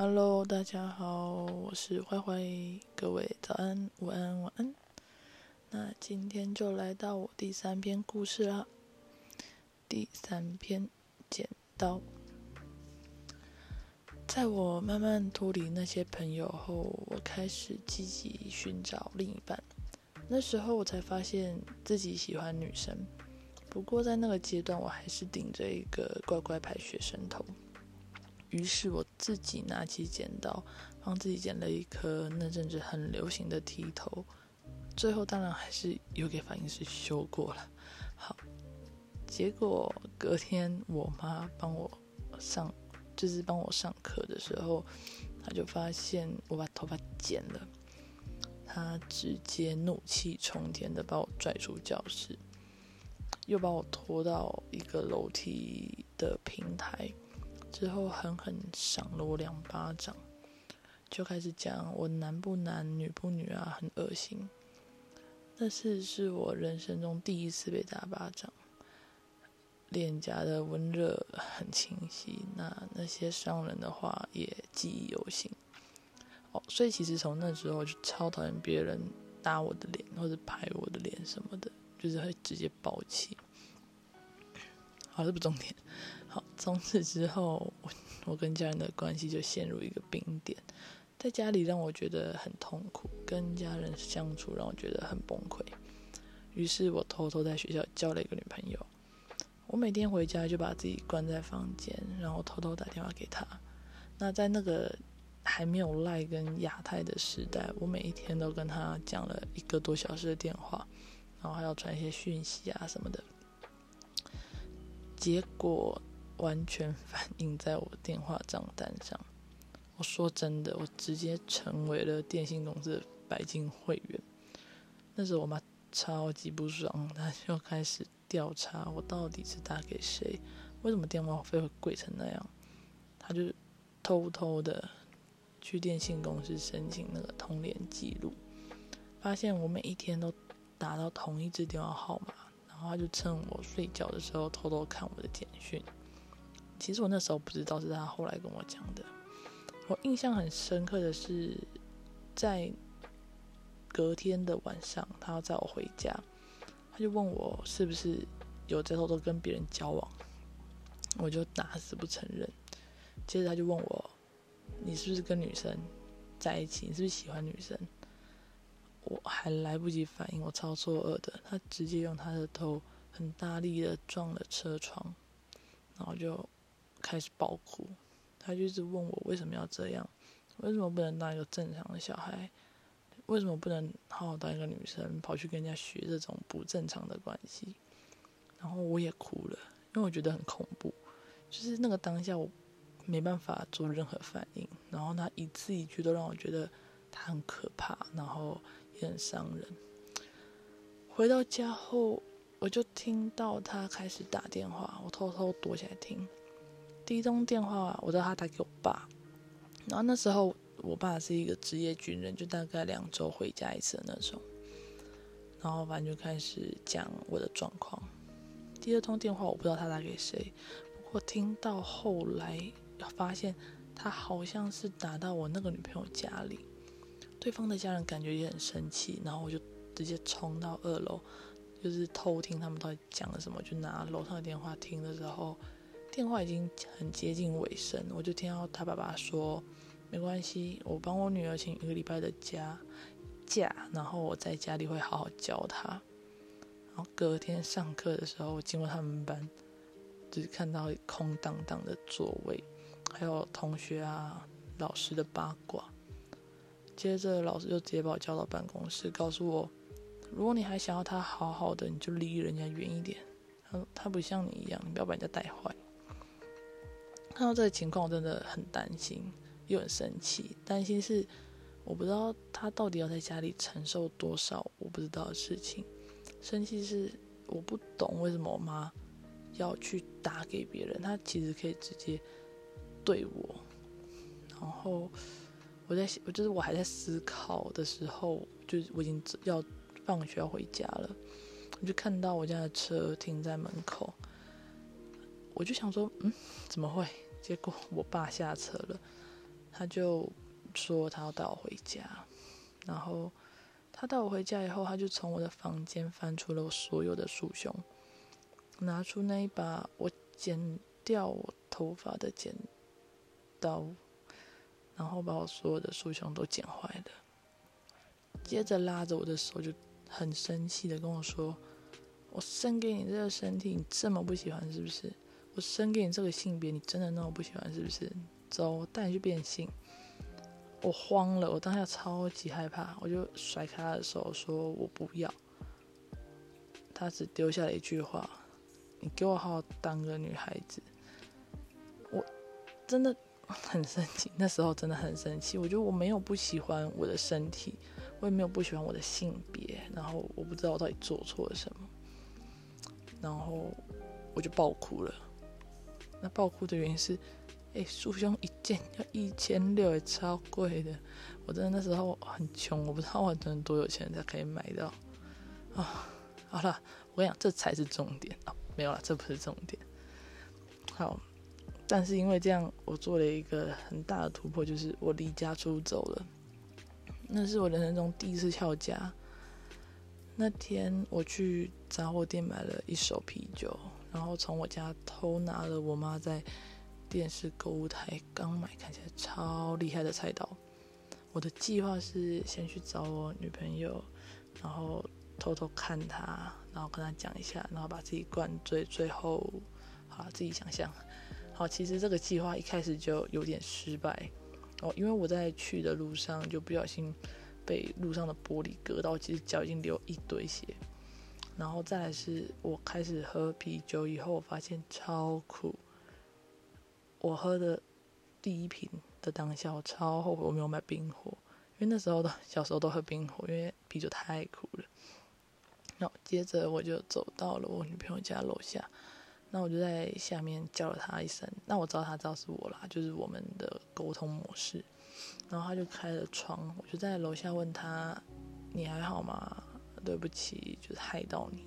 Hello，大家好，我是壞壞，各位早安、午安、晚安。那今天就來到我第三篇故事啦。第三篇，剪刀。在我慢慢脫離那些朋友後，我開始積極尋找另一半。那時候我才發現自己喜歡女生，不過在那個階段，我還是頂着一個乖乖牌學生頭。於是我自己拿起剪刀，幫自己剪了一顆那陣子很流行的剃頭，最後當然還是有給髮型師修過了。好，結果隔天我媽幫我上，就是幫我上課的時候，她就發現我把頭髮剪了，她直接怒氣沖天的把我拽出教室，又把我拖到一個樓梯的平台。之後很狠狠賞了我兩巴掌，就開始講我男不男女不女啊，很噁心。那是是我人生中第一次被打巴掌，臉頰的溫熱很清晰，那那些傷人的話也記憶猶新。哦，所以其實從那時候就超討厭別人打我的臉或者拍我的臉什麼的，就是會直接爆氣。好，這不重點。從此之後我，我跟家人的關係就陷入一個冰點，在家裡讓我覺得很痛苦，跟家人相處讓我覺得很崩潰。於是，我偷偷在學校交了一個女朋友。我每天回家就把自己關在房間，然後偷偷打電話給她。那在那個還沒有 LINE 跟亞太的時代，我每一天都跟她講了一個多小時的電話，然後還要傳一些訊息啊什麼的。結果。完全反映在我電話賬單上。我說真的，我直接成為了電信公司的白金會員。那時候我媽超級不爽，她就開始調查我到底是打給誰，為什麼電話費會貴成那樣。她就偷偷的去電信公司申請那個通聯記錄，發現我每一天都打到同一支電話號碼。然後她就趁我睡覺的時候偷偷看我的簡訊。其實我那時候不知道，是他後來跟我講的。我印象很深刻的是，在隔天的晚上，他要載我回家，他就問我是不是有在偷偷跟別人交往，我就打死不承認。接着他就問我，你是不是跟女生在一起？你是不是喜歡女生？我還來不及反應，我超錯愕的，他直接用他的頭很大力的撞了車窗，然後就。開始爆哭，他就是問我為什麼要這樣，為什麼不能當一個正常的小孩，為什麼不能好好當一個女生，跑去跟人家學這種不正常的關係？然後我也哭了，因為我覺得很恐怖，就是那個當下我沒辦法做任何反應。然後他一字一句都讓我覺得他很可怕，然後也很傷人。回到家後，我就聽到他開始打電話，我偷偷躲起來聽。第一通電話啊，我知道他打給我爸，然後那時候我爸是一個職業軍人，就大概兩周回家一次的那種，然後反正就開始講我的狀況。第二通電話，我不知道他打給誰，不過聽到後來發現他好像是打到我那個女朋友家裡，對方的家人感覺也很生氣，然後我就直接衝到二樓，就是偷聽他們到底講了什麼，就拿樓上的電話聽的時候，電話已經很接近尾聲，我就聽到他爸爸說：“沒關係，我幫我女兒請一個禮拜的假，假，然後我在家裡會好好教她。”然後隔天上課的時候，我經過他們班，只看到空蕩蕩的座位，還有同學啊、老師的八卦。接着老師就直接把我叫到辦公室，告訴我：“如果你還想要她好好的，你就離人家遠一點。他他不像你一樣，你不要把人家帶壞。”看到這個情況，我真的很擔心，又很生氣。擔心是我不知道他到底要在家裡承受多少我不知道的事情。生氣是我不懂為什麼我媽要去打給別人，她其實可以直接對我。然後我在想，我就是我還在思考的時候，就我已經要放學要回家了，我就看到我家的車停在門口，我就想說，嗯，怎麼會？結果我爸下車了，他就說他要帶我回家。然後他帶我回家以後，他就從我的房間翻出了我所有的束胸，拿出那一把我剪掉我頭髮的剪刀，然後把我所有的束胸都剪壞了。接着拉着我的手，就很生氣的跟我說：“我生給你這個身體，你這麼不喜歡，是不是？”我生給你這個性別，你真的那麼不喜歡是不是？走，我帶你去變性。我慌了，我當下超級害怕，我就甩開他的手，說我不要。他只丟下了一句話：“你給我好好當個女孩子。”我真的很生氣，那時候真的很生氣。我覺得我沒有不喜歡我的身體，我也沒有不喜歡我的性別。然後我不知道我到底做錯了什麼，然後我就爆哭了。那爆哭的原因是，哎、欸，束胸一件要一千六，也超貴的。我真的那時候很窮，我不知道我得多有錢才可以買到。啊、哦，好了，我跟你講，這才是重點哦。沒有了，這不是重點。好，但是因為這樣，我做了一個很大的突破，就是我離家出走了。那是我人生中第一次翹家。那天我去雜貨店買了一手啤酒。然後從我家偷拿了我媽在電視購物台剛買，看起來超厲害的菜刀。我的計劃是先去找我女朋友，然後偷偷看她，然後跟她講一下，然後把自己灌醉，最後好，自己想象。好，其實這個計劃一開始就有點失敗哦，因為我在去的路上就不小心被路上的玻璃割到，其實腳已經流一堆血。然後再來是我開始喝啤酒以後，我發現超苦。我喝的第一瓶的當下，我超後悔我沒有買冰火，因為那時候的小時候都喝冰火，因為啤酒太苦了。然後接着我就走到了我女朋友家樓下，那我就在下面叫了她一聲，那我知道她知道是我啦，就是我們的溝通模式。然後她就開了窗，我就在樓下問她，你還好嗎？對不起，就是害到你。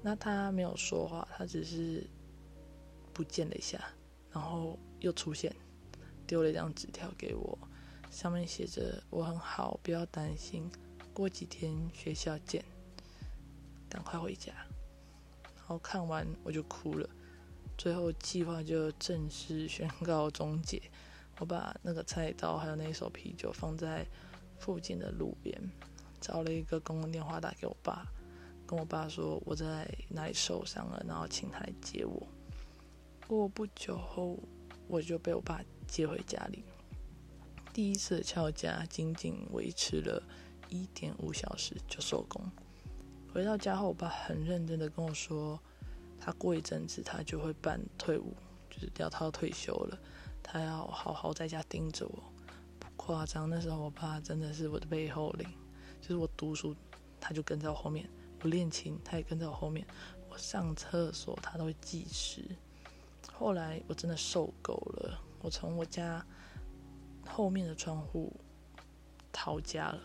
那他沒有說話，他只是不見了一下，然後又出現，丟了一張紙條給我，上面寫着“我很好，不要擔心，過幾天學校見，趕快回家。”然後看完我就哭了。最後計劃就正式宣告終結。我把那個菜刀還有那一手啤酒放在附近的路邊。找了一個公共電話打給我爸，跟我爸說我在哪裡受傷了，然後請他來接我。過不久後，我就被我爸接回家裡。第一次翹家僅僅維持了一點五小時就收工。回到家後，我爸很認真的跟我說，他過一陣子他就會辦退伍，就是要他要退休了，他要好好在家盯着我。不誇張，那時候我爸真的是我的背後靈。就是我讀書，他就跟在我後面；我練琴，他也跟在我後面；我上廁所，他都會計時。後來我真的受夠了，我從我家後面的窗戶逃家了。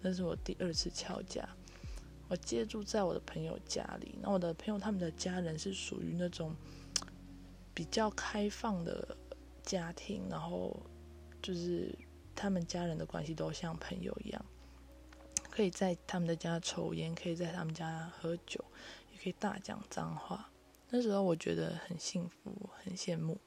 那是我第二次翹家。我借住在我的朋友家裡，那我的朋友他們的家人是屬於那種比較開放的家庭，然後就是他們家人的關係都像朋友一樣。可以在他們的家抽煙，可以在他們家喝酒，也可以大講髒話。那時候我覺得很幸福，很羨慕。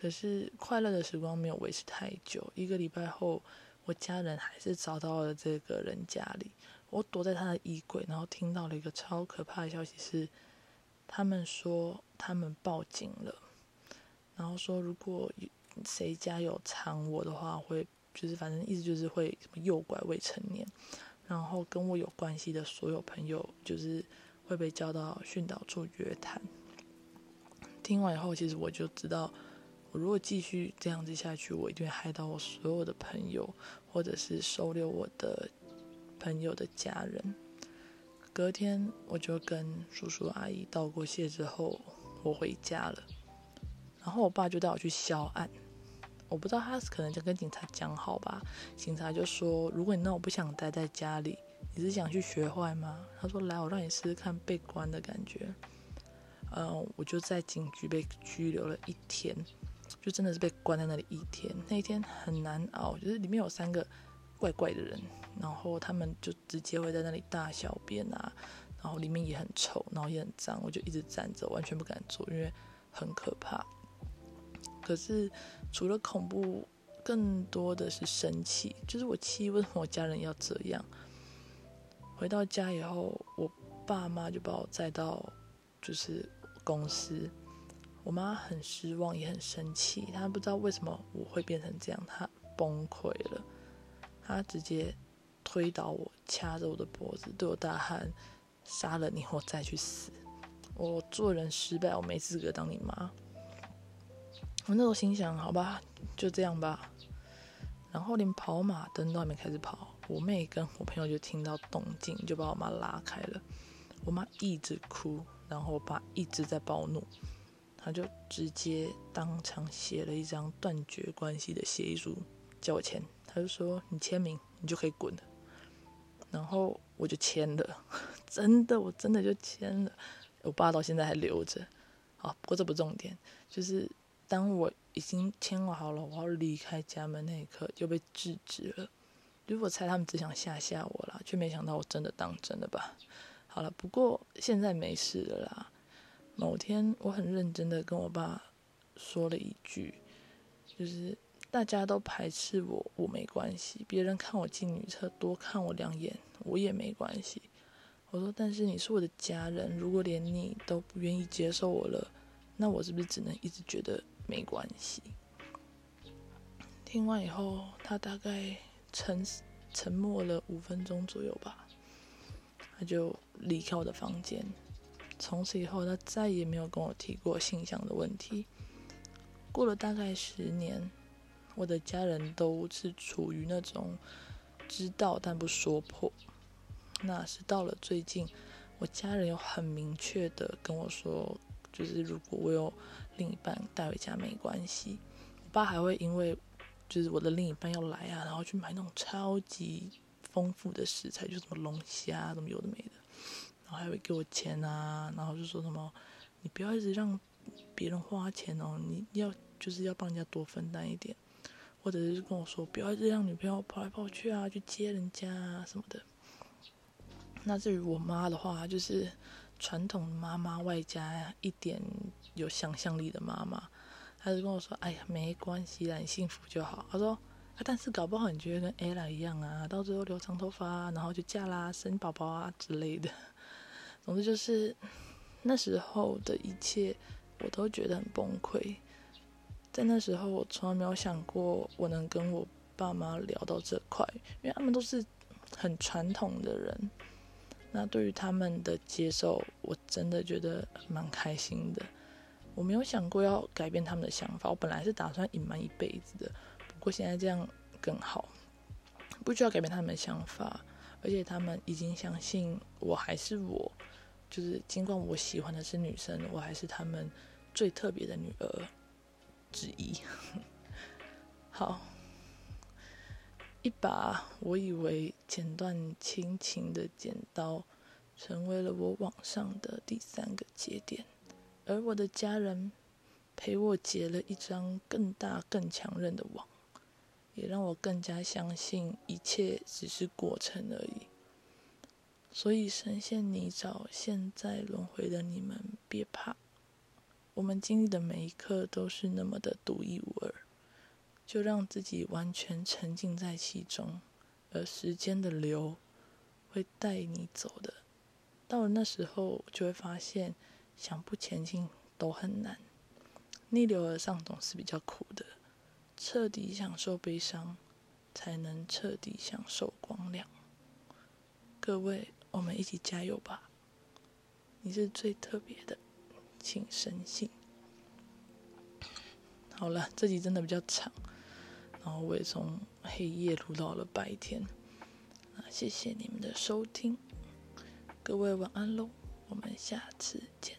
可是快樂的時光沒有維持太久。一個禮拜後，我家人還是找到了這個人家裡。我躲在他的衣櫃，然後聽到了一個超可怕的消息是：是他們說他們報警了，然後說如果誰家有藏我的話，會就是反正意思就是會什麼誘拐未成年。然後跟我有關係的所有朋友，就是會被叫到訓導處約談。聽完以後，其實我就知道，我如果繼續這樣子下去，我一定會害到我所有的朋友，或者是收留我的朋友的家人。隔天，我就跟叔叔阿姨道過謝之後，我回家了。然後我爸就帶我去銷案。我不知道他是可能跟警察講好吧，警察就說：“如果你那我不想待在家裡，你是想去學壞嗎？”他說：“來，我讓你試試看被關的感覺。”嗯，我就在警局被拘留了一天，就真的是被關在那裡一天。那一天很難熬，就是裡面有三個怪怪的人，然後他們就直接會在那裡大小便啊，然後裡面也很臭，然後也很髒，我就一直站着，完全不敢坐，因為很可怕。可是，除了恐怖，更多的是生氣。就是我氣，為什麼我家人要這樣？回到家以後，我爸媽就把我載到，就是公司。我媽很失望，也很生氣，她不知道為什麼我會變成這樣，她崩潰了。她直接推倒我，掐着我的脖子，對我大喊：“殺了你，我再去死！我做人失敗，我沒資格當你媽。”我那時候心想，好吧，就這樣吧。然後連跑馬燈都還沒開始跑，我妹跟我朋友就聽到動靜，就把我媽拉開了。我媽一直哭，然後我爸一直在暴怒，他就直接當場寫了一張斷絕關係的協議書，叫我簽。他就說：“你簽名，你就可以滾了。”然後我就簽了， 真的，我真的就簽了。我爸到現在還留着。啊，不過這不重點，就是。當我已經簽好了，我要離開家門那一刻就被制止了。如果猜他們只想嚇嚇我啦，卻沒想到我真的當真的吧？好了，不過現在沒事了啦。某天，我很認真地跟我爸說了一句，就是大家都排斥我，我沒關係；別人看我進女廁多看我兩眼，我也沒關係。我說，但是你是我的家人，如果連你都不願意接受我了，那我是不是只能一直覺得？沒關係。聽完以後，他大概沉沉默了五分鐘左右吧，他就離開我的房間。從此以後，他再也沒有跟我提過性向的問題。過了大概十年，我的家人都是處於那種知道但不說破。那是到了最近，我家人有很明確的跟我說，就是如果我有。另一半帶回家沒關係，我爸還會因為就是我的另一半要來啊，然後去買那種超級豐富的食材，就是、什麼龍蝦啊，什麼有的沒的，然後還會給我錢啊，然後就說什麼你不要一直讓別人花錢哦，你要就是要幫人家多分擔一點，或者是跟我說不要讓女朋友跑來跑去啊，去接人家、啊、什麼的。那至於我媽的話，就是傳統媽媽外加一點，有想象力的媽媽，她就跟我說：“哎呀，沒關係啦，你幸福就好。”她說、啊、：“但是搞不好你覺得跟 Ella 一樣啊，到最後留長頭髮、啊，然後就嫁啦、生寶寶啊之類的。總之就是那時候的一切，我都覺得很崩潰。在那時候，我從來沒有想過我能跟我爸媽聊到這塊，因為他們都是很傳統的人。那對於他們的接受，我真的覺得蠻開心的。”我沒有想過要改變他們的想法，我本來是打算隱瞞一輩子的。不過現在這樣更好，不需要改變他們的想法，而且他們已經相信我還是我，就是儘管我喜歡的是女生，我還是他們最特別的女兒之一。 好，一把我以為剪斷親情的剪刀，成為了我網上的第三個節點。而我的家人陪我結了一張更大更強韌的網，也讓我更加相信一切只是過程而已。所以深陷泥沼、現在輪回的你們別怕，我們經歷的每一刻都是那麼的獨一無二。就讓自己完全沉浸在其中，而時間的流會帶你走的。到了那時候，就會發現。想不前進都很難，逆流而上總是比較苦的。徹底享受悲傷，才能徹底享受光亮。各位，我們一起加油吧！你是最特別的，請深信。好了，這集真的比較長，然後我也從黑夜錄到了白天。謝謝你們的收聽，各位晚安嘍，我們下次見。